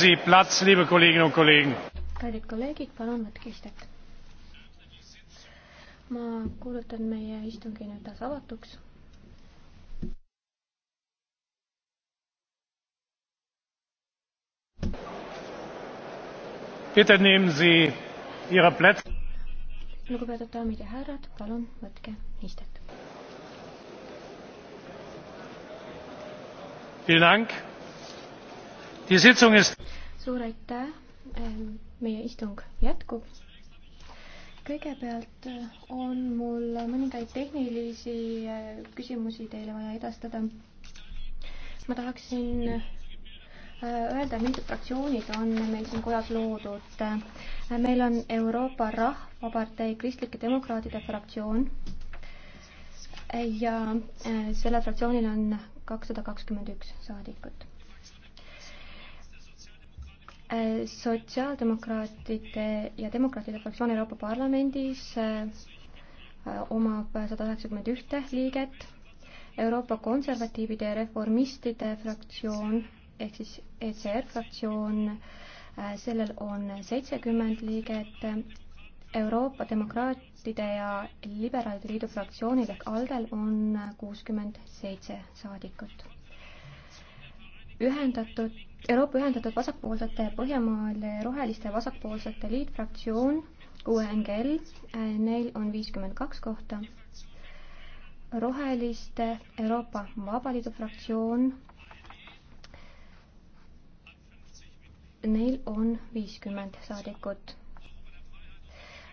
Sie Platz, liebe Kolleginnen und Kollegen. kallid kolleegid, palun võtke istet. ma kuulutan meie istungi nüüd taas avatuks. Bitte nehmen Sie Ihre Plätze. lugupeetud daamid ja härrad, palun võtke istet. Vielen Dank. Die Sitzung ist suur aitäh, ehm, meie istung jätkub. kõigepealt eh, on mul mõningaid tehnilisi eh, küsimusi teile vaja edastada. ma tahaksin eh, öelda, millised fraktsioonid on meil siin kojas loodud. meil on Euroopa Rahvapartei Kristlike Demokraatide fraktsioon ja sellel fraktsioonil on kakssada kakskümmend üks saadikut sotsiaaldemokraatide ja demokraatide fraktsioon Euroopa Parlamendis äh, omab sada üheksakümmend ühte liiget, Euroopa konservatiivide ja reformistide fraktsioon ehk siis ECR fraktsioon, äh, sellel on seitsekümmend liiget, Euroopa demokraatide ja liberaalide liidu fraktsioonil ehk ALDE-l on kuuskümmend seitse saadikut ühendatud, Euroopa Ühendatud Vasakpoolsete Põhjamaade Roheliste Vasakpoolsete Liitfraktsioon, UNGL, neil on viiskümmend kaks kohta. roheliste Euroopa Vabaliidu fraktsioon, neil on viiskümmend saadikut.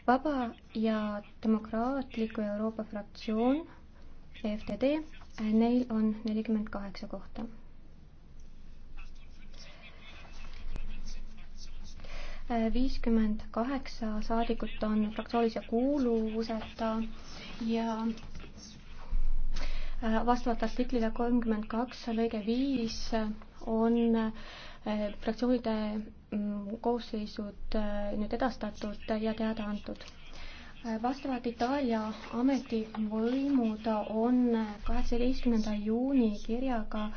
vaba ja Demokraatliku Euroopa fraktsioon, EFTD, neil on nelikümmend kaheksa kohta viiskümmend kaheksa saadikut on fraktsioonilise kuuluvuseta ja äh, vastavalt artiklile kolmkümmend kaks lõige viis on äh, fraktsioonide mm, koosseisud äh, nüüd edastatud ja teada antud vastavalt Itaalia ametivõimud on kaheksateistkümnenda juuni kirjaga